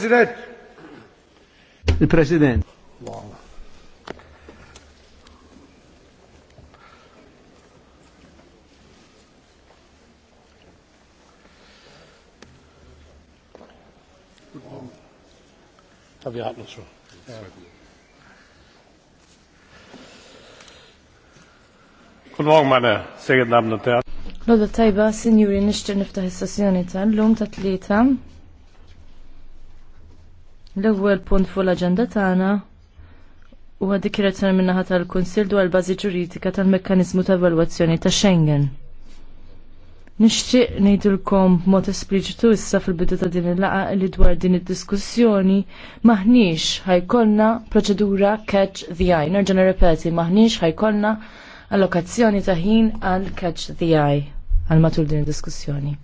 President. Il-President. Wow. Tabi so. Guten Morgen, meine sehr geehrten Damen und Herren. Loda tajba, signori, nishtir niftaħ il sessjoni tal-lum ta' tlieta L-ewwel punt fuq l-aġenda tagħna huwa dikjerazzjoni min-naħa tal-Kunsill dwar il-bażi ġuridika tal-mekkaniżmu ta' evalwazzjoni ta' Schengen. Nixtieq ngħidulkom b'mod espliċitu issa fil-bidu ta' din il laqgħa li dwar din id-diskussjoni maħniex ħajkollna proċedura catch the eye. Nerġa' nirrepeti maħniex ħajkollna allokazzjoni ta' ħin għal catch the eye għal matul din id-diskussjoni.